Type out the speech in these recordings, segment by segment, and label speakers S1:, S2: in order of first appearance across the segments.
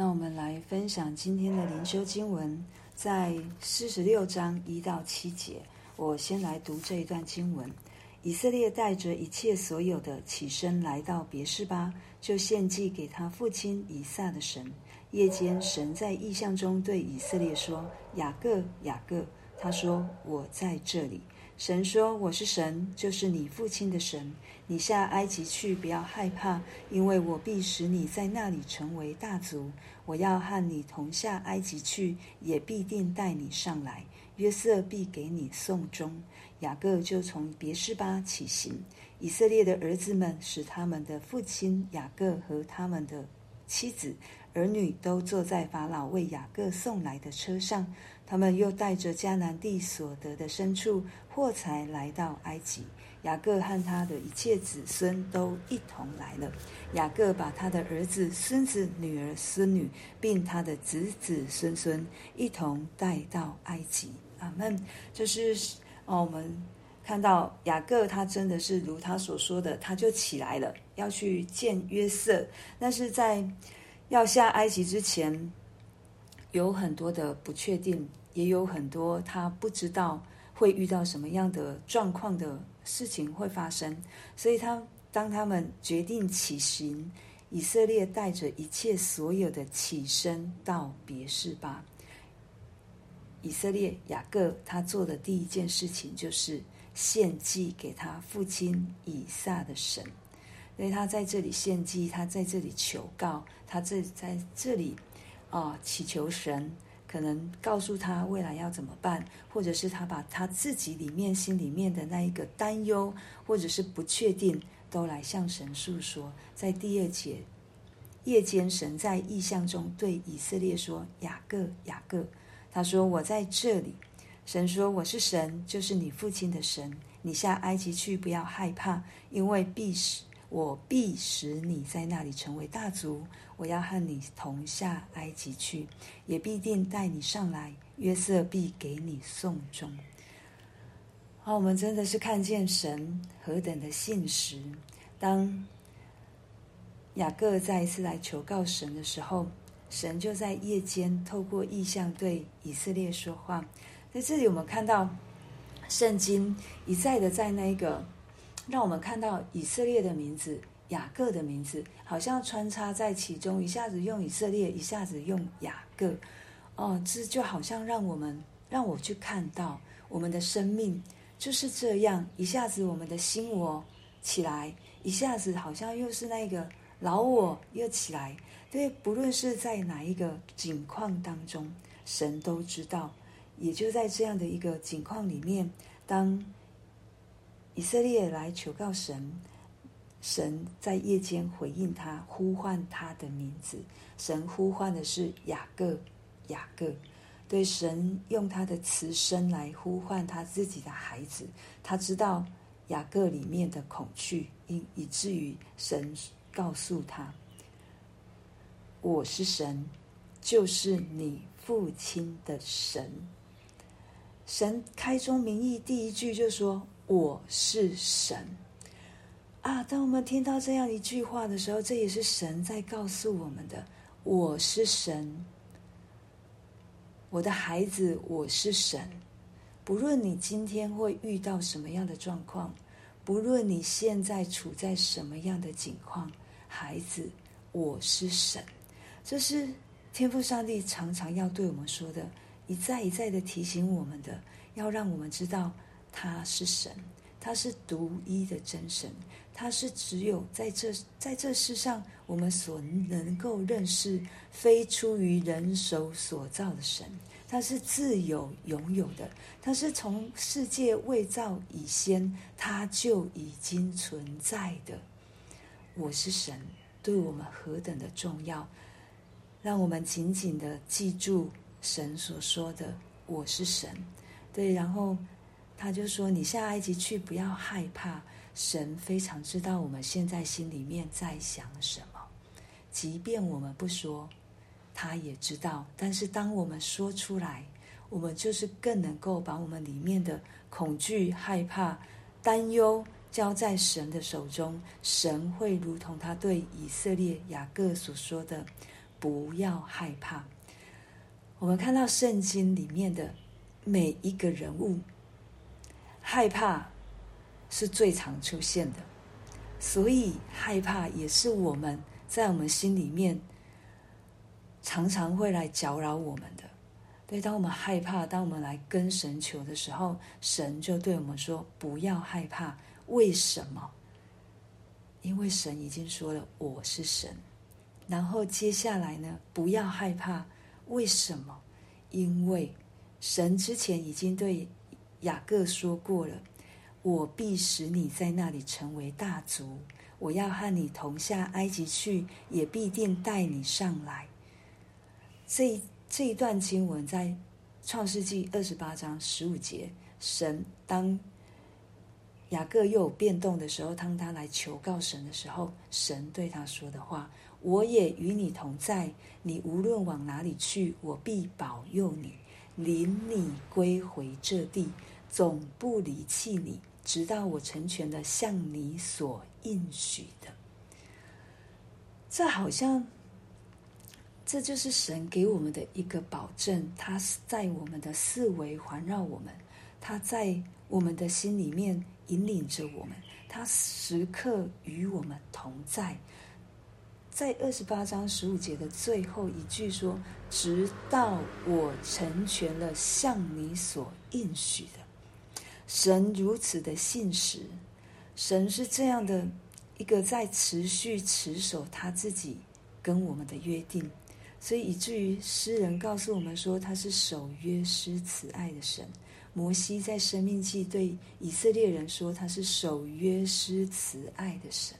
S1: 那我們來分享今天的靈修經文，在四十六章一到七節。我先來讀這一段經文：以色列帶着一切所有的起身來到別是巴，就獻祭給他父親以撒的神。夜間，神在異象中對以色列說：“雅各，雅各，他說我在這裡。”神說：“我是神，就是你父親的神。你下埃及去，不要害怕，因為我必使你在那裡成為大族。我要和你同下埃及去，也必定帶你上來。約瑟必給你送終。”雅各就從別是巴起行。以色列的兒子們使他們的父親雅各和他們的妻子。兒女都坐在法老為雅各送來的車上，他們又帶着迦南地所得的牲畜、貨財來到埃及。雅各和他的一切子孫都一同來了。雅各把他的兒子、孫子、女兒、孫女，並他的子子孫孫一同帶到埃及。阿門。就是哦，我們看到雅各他真的是如他所說的，他就起來了，要去見約瑟。但是在。要下埃及之前，有很多的不確定，也有很多他不知道會遇到什麼樣的狀況的事情會發生。所以他，他當他們決定起行，以色列帶着一切所有的起身到別是巴。以色列雅各他做的第一件事情就是獻祭給他父親以撒的神。所以他在這裡獻祭，他在這裡求告，他這在這裡啊祈求神，可能告訴他未來要怎麼辦，或者是他把他自己裡面心裡面的那一個擔憂，或者是不確定，都來向神訴說。在第二節，夜間神在異象中對以色列說：“雅各，雅各，他說我在這裡。”神說：“我是神，就是你父親的神。你下埃及去，不要害怕，因為必死。”我必使你在那裡成為大族，我要和你同下埃及去，也必定帶你上來。約瑟必給你送終。好，我們真的是看見神何等的信實。當雅各再一次來求告神的時候，神就在夜間透過異象對以色列說話。在這裡，我們看到聖經一再的在那個。讓我們看到以色列的名字、雅各的名字，好像穿插在其中，一下子用以色列，一下子用雅各，哦，這就好像讓我們讓我去看到我們的生命就是這樣，一下子我們的新我起來，一下子好像又是那個老我又起來。所以不，不論是在哪一個景況當中，神都知道，也就在這樣的一個景況裡面，當以色列來求告神，神在夜間回應他，呼喚他的名字。神呼喚的是雅各，雅各對神用他的慈聲來呼喚他自己的孩子。他知道雅各裡面的恐懼，以以至於神告訴他：“我是神，就是你父親的神。”神開宗明義第一句就說。我是神啊！當我們聽到這樣一句話的時候，這也是神在告訴我們的：“我是神，我的孩子，我是神。”不論你今天會遇到什麼樣的狀況，不論你現在處在什麼樣的境況，孩子，我是神。這是天父上帝常常要對我們說的，一再一再的提醒我們的，要讓我們知道。他是神，他是獨一的真神，他是只有在這在這世上我們所能夠認識非出於人手所造的神。他是自有永有的，他是從世界未造以先，他就已經存在的。我是神，對我們何等的重要！讓我們緊緊的記住神所說的：“我是神。”對，然後。他就說：“你下埃及去，不要害怕。”神非常知道我們現在心裡面在想什麼，即便我們不說，他也知道。但是當我們說出來，我們就是更能夠把我們裡面的恐懼、害怕、擔憂交在神的手中。神會如同他對以色列雅各所說的：‘不要害怕。’我們看到聖經裡面的每一個人物。害怕是最常出現的，所以害怕也是我們在我們心裡面常常會來攪擾我們的。對，當我們害怕，當我們來跟神求的時候，神就對我們說：“不要害怕。”為什麼？因為神已經說了：“我是神。”然後接下來呢？不要害怕。為什麼？因為神之前已經對。雅各說過了：“我必使你在那裡成為大族，我要和你同下埃及去，也必定帶你上來。”這這一段經文在創世記二十八章十五節，神當雅各又有變動的時候，當他來求告神的時候，神對他說的話：“我也與你同在，你無論往哪裡去，我必保佑你。”領你歸回這地，總不離棄你，直到我成全了向你所應許的。這好像，這就是神給我們的一個保證。他在我們的四圍環繞我們，他在我們的心裡面引領着我們，他時刻與我們同在。在二十八章十五節的最後一句說：“直到我成全了向你所應許的。”神如此的信實，神是這樣的一個在持續持守他自己跟我們的約定，所以以至於詩人告訴我們說他是守約施慈愛的神。摩西在《申命記》對以色列人說他是守約施慈愛的神。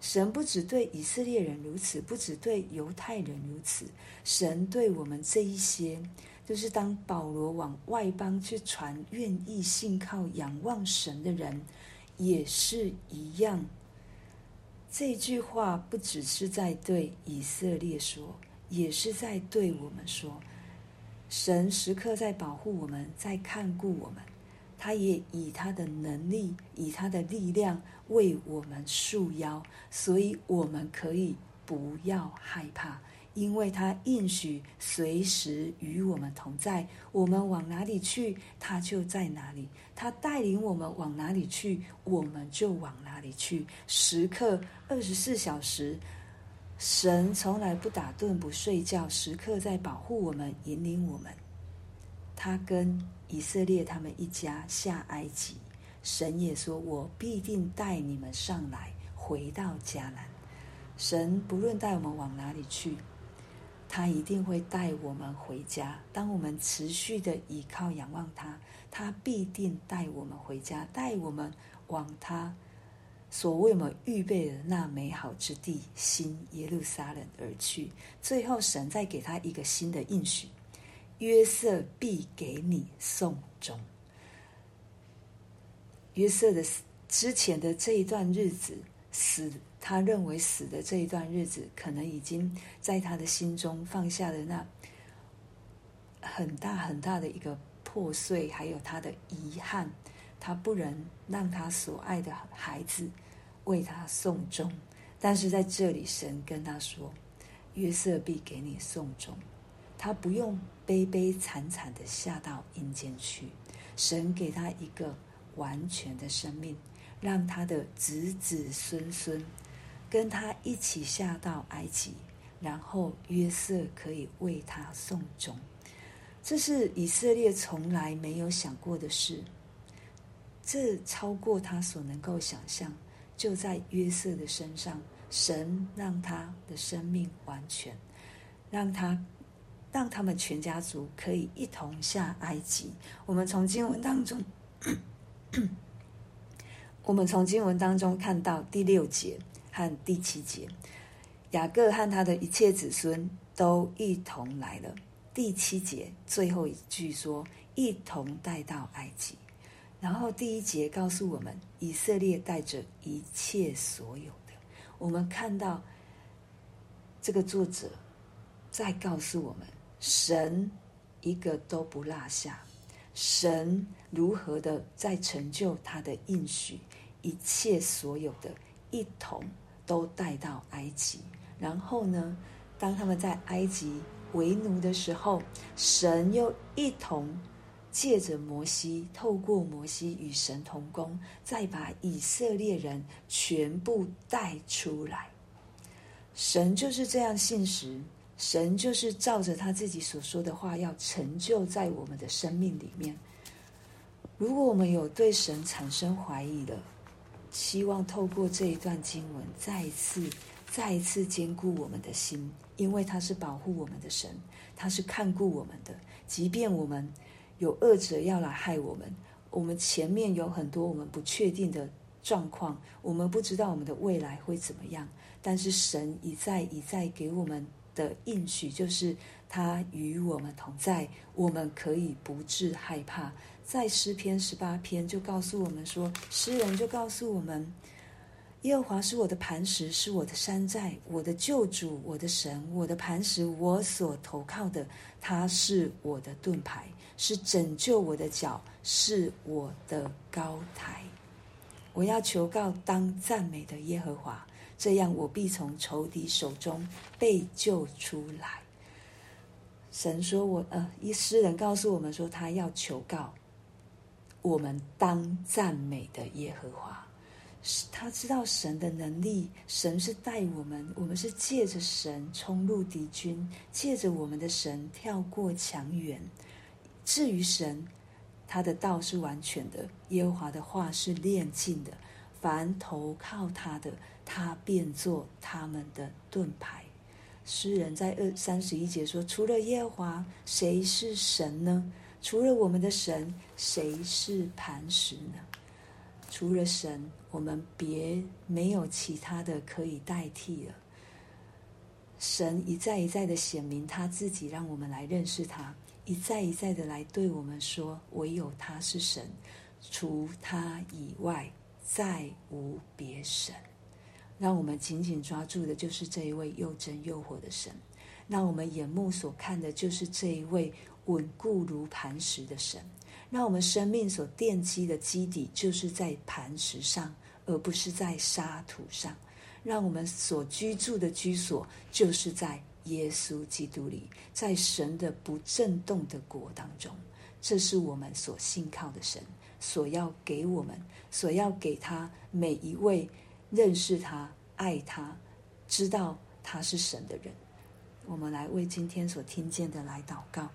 S1: 神不只對以色列人如此，不只對猶太人如此，神對我們這一些，就是當保羅往外邦去傳，願意信靠仰望神的人，也是一樣。這句話不只是在對以色列說，也是在對我們說，神時刻在保護我們，在看顧我們。他也以他的能力，以他的力量為我們束腰，所以我們可以不要害怕，因為他應許隨時與我們同在。我們往哪裡去，他就在哪裡；他帶領我們往哪裡去，我們就往哪裡去。時刻二十四小時，神從來不打盹不睡覺，時刻在保護我們，引領我們。他跟。以色列他們一家下埃及，神也說：“我必定帶你們上來，回到迦南。”神不論帶我們往哪裡去，他一定會帶我們回家。當我們持續的倚靠、仰望他，他必定帶我們回家，帶我們往他所為我們預備的那美好之地——新耶路撒冷而去。最後，神再給他一個新的應許。約瑟必給你送終。約瑟的死之前的這一段日子，死他認為死的這一段日子，可能已經在他的心中放下了那很大很大的一個破碎，還有他的遺憾。他不能讓他所愛的孩子為他送終，但是在這裡，神跟他說：“約瑟必給你送終。”他不用悲悲慘慘地下到陰間去，神給他一個完全的生命，讓他的子子孫孫跟他一起下到埃及，然後約瑟可以為他送終。這是以色列從來沒有想過的事，這超過他所能夠想象。就在約瑟的身上，神讓他的生命完全，讓他。讓他們全家族可以一同下埃及。我們從經文當中，我們從經文當中看到第六節和第七節，雅各和他的一切子孫都一同來了。第七節最後一句說：“一同帶到埃及。”然後第一節告訴我們，以色列帶着一切所有的。我們看到這個作者在告訴我們。神一個都不落下，神如何的在成就他的應許，一切所有的一同都帶到埃及。然後呢，當他們在埃及為奴的時候，神又一同借着摩西，透過摩西與神同工，再把以色列人全部帶出來。神就是這樣信實。神就是照着他自己所說的話，要成就在我們的生命裡面。如果我們有對神產生懷疑了，希望透過這一段經文，再一次、再一次堅固我們的心，因為他是保護我們的神，他是看顧我們的。即便我們有惡者要來害我們，我們前面有很多我們不確定的狀況，我們不知道我們的未來會怎麼樣。但是神一再一再給我們。的應許就是他與我們同在，我們可以不致害怕。在詩篇十八篇就告訴我們說，詩人就告訴我們，耶和華是我的磐石，是我的山寨，我的救主，我的神，我的磐石，我所投靠的，他是我的盾牌，是拯救我的角，是我的高臺。我要求告當讚美的耶和華，這樣，我必從仇敵手中被救出來。神說我：“我呃，一詩人告訴我們說，他要求告我們，當讚美的耶和華。他知道神的能力，神是帶我們，我們是借着神衝入敵軍，借着我們的神跳過牆垣。至於神，他的道是完全的，耶和華的話是煉淨的。”凡投靠他的，他便做他們的盾牌。詩人在二三十一節說：“除了耶和華，誰是神呢？除了我們的神，誰是磐石呢？除了神，我們別沒有其他的可以代替了。”神一再一再的顯明他自己，讓我們來認識他；一再一再的來對我們說：“唯有他是神，除他以外。”再無別神，讓我們緊緊抓住的就是這一位又真又活的神；讓我們眼目所看的就是這一位穩固如磐石的神；讓我們生命所奠基的基底就是在磐石上，而不是在沙土上；讓我們所居住的居所就是在耶穌基督裡，在神的不震動的國當中，這是我們所信靠的神。所要給我們，所要給他每一位認識他、愛他、知道他是神的人，我們來為今天所聽見的來禱告。